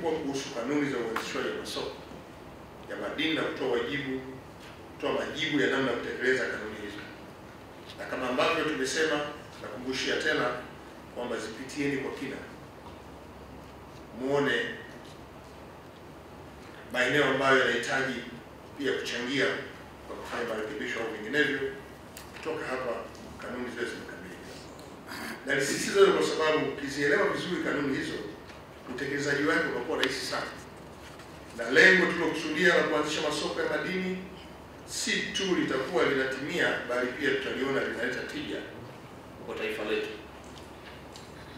kubwa kuhusu kanuni za uanzishwaji wa masoko ya madini na kutoa wajibu kutoa majibu ya namna ya kutekeleza kanuni hizo, na kama ambavyo tumesema, nakumbushia tena kwamba zipitieni kwa kina, muone maeneo ambayo yanahitaji pia kuchangia kwa kufanya marekebisho au vinginevyo, kutoka hapa kanuni zile zimekamilika. Na nisisitize kwa sababu ukizielewa vizuri kanuni hizo utekelezaji wake unakuwa rahisi sana, na lengo tulilokusudia la kuanzisha masoko ya madini si tu litakuwa linatimia, bali pia tutaliona linaleta tija kwa taifa letu.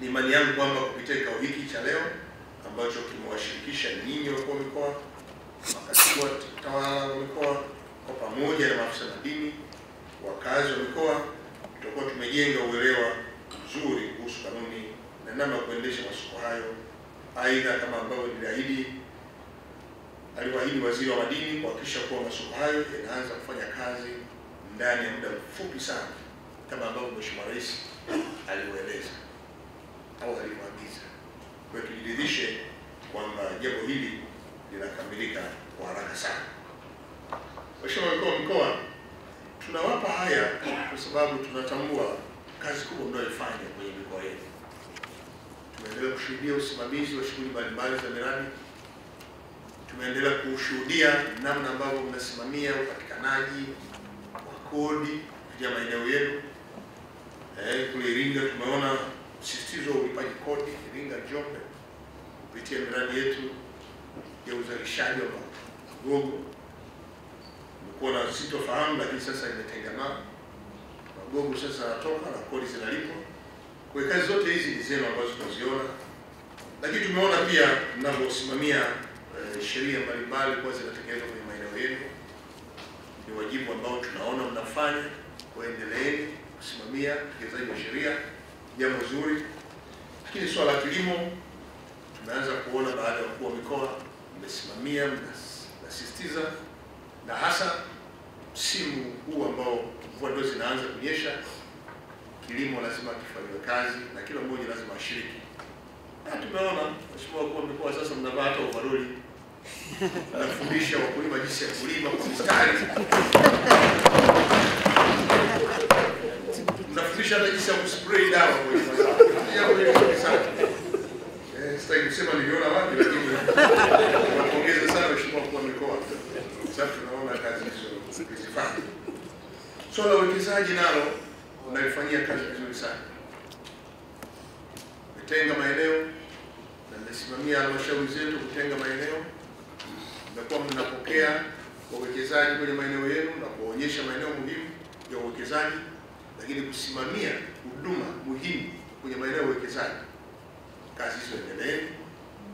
Ni imani yangu kwamba kupitia kikao hiki cha leo ambacho kimewashirikisha nyinyi wakuu wa mikoa, makatibu tawala wa mikoa kwa pamoja na maafisa madini, wakazi wa mikoa, tutakuwa tumejenga uelewa mzuri kuhusu kanuni na namna ya kuendesha masoko hayo Aidha, kama ambavyo niliahidi, aliwaahidi waziri wa madini kuhakikisha kuwa masoko hayo yanaanza kufanya kazi ndani ya muda mfupi sana kama ambavyo Mheshimiwa Rais aliueleza au alimwagiza. Kwa hiyo tujiridhishe kwamba jambo hili linakamilika kwa haraka sana. Mheshimiwa mkuu wa mkoa, tunawapa haya kwa sababu tunatambua kazi kubwa mnayoifanya kwenye mikoa yetu tumeendelea kushuhudia usimamizi wa shughuli mbalimbali za miradi, tumeendelea kushuhudia namna ambavyo mnasimamia upatikanaji wa kodi kupitia maeneo yenu. Eh, kule Iringa tumeona msisitizo wa ulipaji kodi Iringa, Njombe kupitia miradi yetu ya uzalishaji wa magogo. kuwa na sitofahamu, lakini sasa imetengamaa, magogo sasa yanatoka na kodi zinalipwa. Kwa kazi zote hizi ni zenu ambazo tunaziona, lakini tumeona pia mnavyosimamia uh, sheria mbalimbali kuwa zinatekelezwa kwenye maeneo yenu. Ni wajibu ambao tunaona mnafanya, waendeleeni kusimamia utekelezaji wa sheria, jambo zuri. Lakini swala la kilimo tumeanza kuona baada ya wakuu wa mikoa mmesimamia, mnasisitiza na hasa msimu huu ambao mvua ndio zinaanza kunyesha kilimo lazima kifanywe kazi na kila mmoja lazima ashiriki. Na ah, tumeona mheshimiwa kwa mkoa sasa mnavaa hata overall. Nafundisha wakulima jinsi ya kulima kwa mstari. Nafundisha hata jinsi ya kuspray dawa kwa mstari. Eh, sitaki kusema niliona wapi lakini napongeza sana mheshimiwa kwa mkoa. Sasa tunaona kazi hizo zikifanywa. Swala la uwekezaji nalo mnalifanyia kazi vizuri sana. Mmetenga maeneo na mmesimamia halmashauri zetu kutenga maeneo, mmekuwa mnapokea wawekezaji kwenye maeneo yenu na kuwaonyesha maeneo muhimu ya uwekezaji, lakini kusimamia huduma muhimu kwenye maeneo ya uwekezaji. Kazi hizo endeleeni,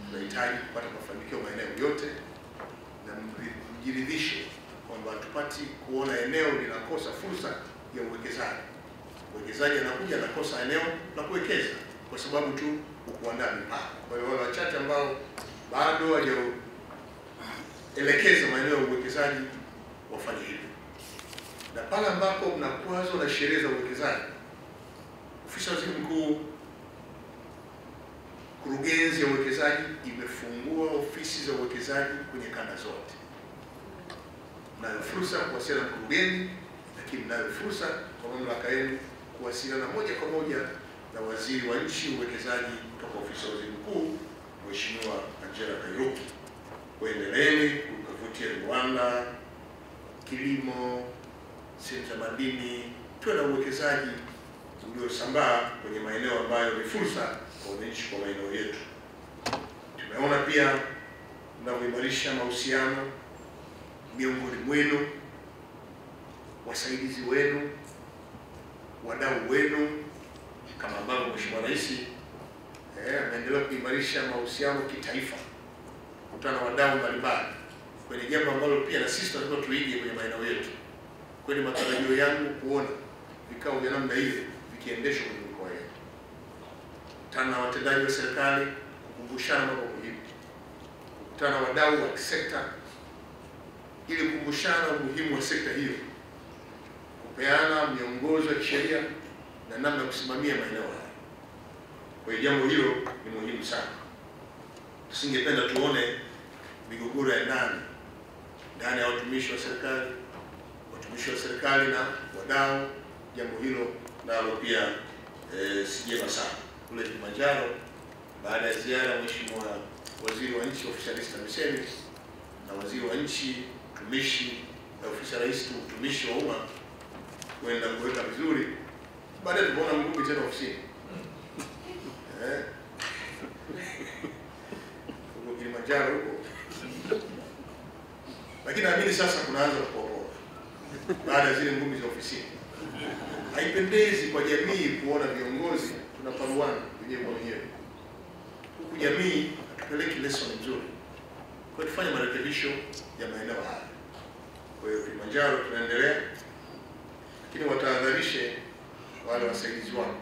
tunahitaji kupata mafanikio maeneo yote, na mjiridhishe kwamba tupati kuona eneo linakosa fursa ya uwekezaji mwekezaji anakuja anakosa eneo la kuwekeza kwa sababu tu kuandaa mipaka. Kwa hiyo wale wachache ambao bado hawajaelekeza maeneo ya uwekezaji wafanye hivyo, na pale ambapo mna kwazo na sheria za uwekezaji, ofisi ya waziri mkuu, kurugenzi ya uwekezaji imefungua ofisi za uwekezaji kwenye kanda zote. Mnayo fursa kuwasiliana na mkurugenzi, lakini mnayo fursa kwa mamlaka yenu kuwasiliana moja kwa moja na waziri wa nchi uwekezaji kutoka ofisi ya waziri mkuu Mheshimiwa Angela Kairuki. Kuendeleni kukavutia viwanda, kilimo, sehemu za madini, tuwe na uwekezaji uliosambaa kwenye maeneo ambayo ni fursa kwa wananchi kwa maeneo yetu. Tumeona pia mnavyoimarisha mahusiano miongoni mwenu, wasaidizi wenu wadau wenu kama ambavyo Mheshimiwa Rais eh, ameendelea kuimarisha mahusiano kitaifa, kukutana wadau mbalimbali kwenye jambo ambalo pia na sisi tunataka tuige kwenye maeneo yetu. Kwani matarajio yangu kuona vikao vya namna hiyo vikiendeshwa kwenye mikoa yetu, kukutana na watendaji wa serikali, kukumbushana mambo muhimu, kukutana na wadau wa sekta ili kukumbushana umuhimu wa sekta hiyo kupeana miongozo ya kisheria na namna ya kusimamia maeneo haya. Kwa hiyo jambo hilo ni muhimu sana. Tusingependa tuone migogoro ya ndani ndani ya watumishi wa serikali, watumishi wa serikali na wadau. Jambo hilo nalo pia e, si jema sana. Kule Kilimanjaro, baada ya ziara Mheshimiwa Waziri wa Nchi Ofisi ya Rais TAMISEMI na Waziri wa Nchi tumishi na Ofisi ya Rais Utumishi wa Umma kuenda kuweka vizuri. Baadaye tukaona mguu tena ofisini eh, huko Kilimanjaro huko, lakini naamini sasa kunaanza kupoa baada ya zile ngumi za ofisini. Haipendezi kwa jamii kuona viongozi tunapaluana wenyewe kwa wenyewe, huku jamii hatupeleki lesson nzuri. Kwa tufanye marekebisho ya maeneo haya. Kwa hiyo Kilimanjaro tunaendelea lakini watahadharishe wale wasaidizi wao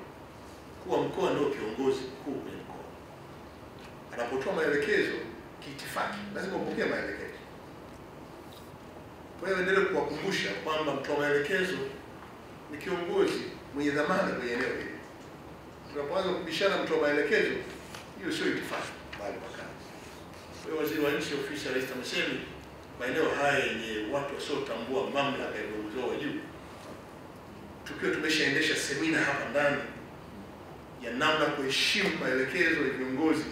kuwa mkoa ndio kiongozi mkuu kwenye mkoa. Anapotoa maelekezo kiitifaki, lazima upokee maelekezo. Kwa hiyo endelee kuwakumbusha kwamba mtoa maelekezo ni kiongozi mwenye dhamana kwenye eneo hili. Tunapoanza kubishana mtoa maelekezo, hiyo sio itifaki, bali makazi. Kwa hiyo waziri wa nchi ofisi ya Rais TAMISEMI, maeneo haya yenye watu wasiotambua mamlaka ya viongozi wao wa juu tukiwa tumeshaendesha semina hapa ndani ya namna kuheshimu maelekezo ya viongozi.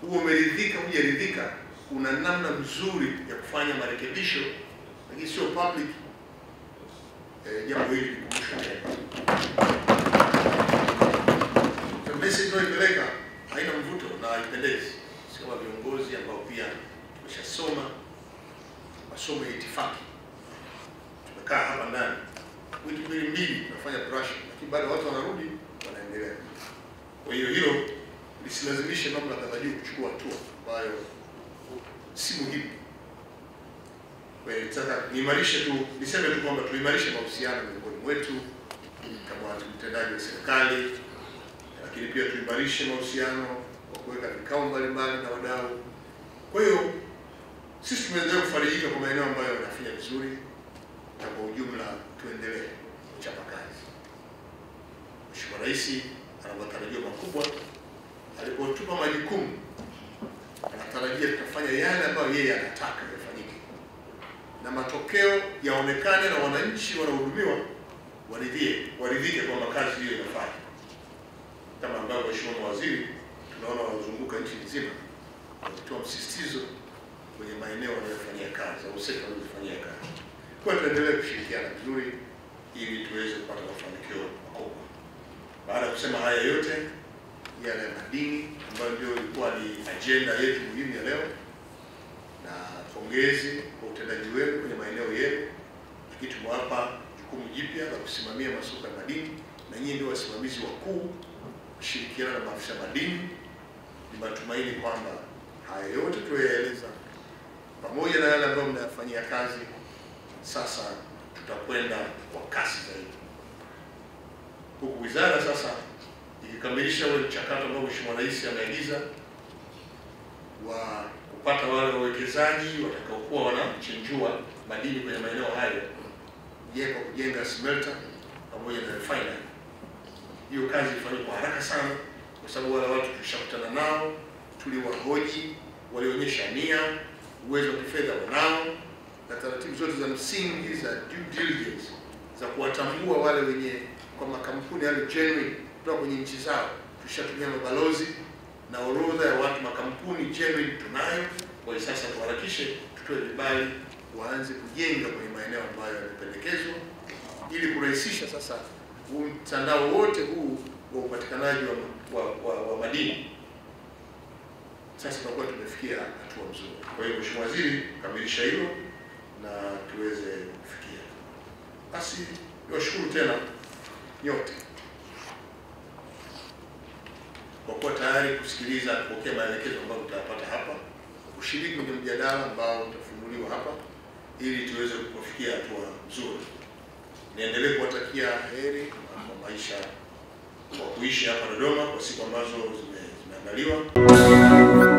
Huo umeridhika, hujaridhika, una namna mzuri ya kufanya marekebisho, lakini sio public. Eh, jambo hili likumbusha message haina mvuto na haipendezi, si kama viongozi ambao pia tumeshasoma masomo ya itifaki, tumekaa hapa ndani wiki mbili mbili tunafanya lakini bado watu wanarudi wanaendelea. Kwa hiyo hiyo lisilazimishe mamlaka za juu kuchukua hatua ambayo si muhimu. Nataka niimarishe tu, niseme tu kwamba tuimarishe mahusiano miongoni mwetu kama watu mtendaji wa serikali, lakini pia tuimarishe mahusiano kwa kuweka vikao mbalimbali na wadau. Kwa hiyo sisi tumeendelea kufarijika kwa maeneo ambayo yanafanya vizuri, na kwa ujumla tuendelee kuchapa kazi. Mheshimiwa Rais ana matarajio makubwa, alipotupa majukumu anatarajia tutafanya yale ambayo yeye anataka yafanyike na matokeo yaonekane na wananchi wanahudumiwa waridhie waridhike kwamba kazi hiyo inafanya, kama ambavyo Mheshimiwa Mawaziri tunaona wanazunguka nchi nzima wakitoa msisitizo kwenye maeneo wanayofanyia kazi au sekta wanazofanyia kazi kwa tuendelee kushirikiana vizuri ili tuweze kupata mafanikio makubwa. Baada ya kusema haya yote, yale madini ambayo ndio ilikuwa ni ajenda yetu muhimu ya leo, na pongezi kwa utendaji wenu kwenye maeneo yenu, lakini tumewapa jukumu jipya la kusimamia masoko ya madini, na nyinyi ndio wasimamizi wakuu, kushirikiana na maafisa madini. Ni matumaini kwamba haya yote tuliyoyaeleza pamoja na yale ambayo mnayafanyia kazi sasa tutakwenda kwa kasi zaidi, huku wizara sasa ikikamilisha ule mchakato ambao Mheshimiwa Rais ameagiza wa kupata wale wawekezaji watakaokuwa wanachenjua madini kwenye maeneo hayo, je, kwa kujenga smelter pamoja na refinery. Hiyo kazi ifanyike kwa haraka sana, kwa sababu wale watu tulishakutana nao, tuliwahoji, walionyesha nia, uwezo wa kifedha wanao na taratibu zote za msingi za due diligence za kuwatambua wale wenye kwa makampuni yale genuine kutoka kwenye nchi zao. Tushatumia mabalozi na orodha ya watu makampuni genuine tunayo. Kwa sasa tuharakishe, tutoe vibali, waanze kujenga kwenye maeneo ambayo yamependekezwa, ili kurahisisha sasa mtandao wote huu wa upatikanaji wa, wa, wa, wa madini. Sasa tunakuwa tumefikia hatua nzuri. Kwa hiyo Mheshimiwa Waziri, kamilisha hilo na tuweze kufikia. Basi niwashukuru tena nyote kwa kuwa tayari kusikiliza, kupokea maelekezo ambayo mtayapata hapa, kushiriki kwenye mjadala ambao utafunuliwa hapa, ili tuweze kufikia hatua nzuri. Niendelee kuwatakia heri kwa maisha kwa kuishi hapa Dodoma kwa siku ambazo zimeandaliwa.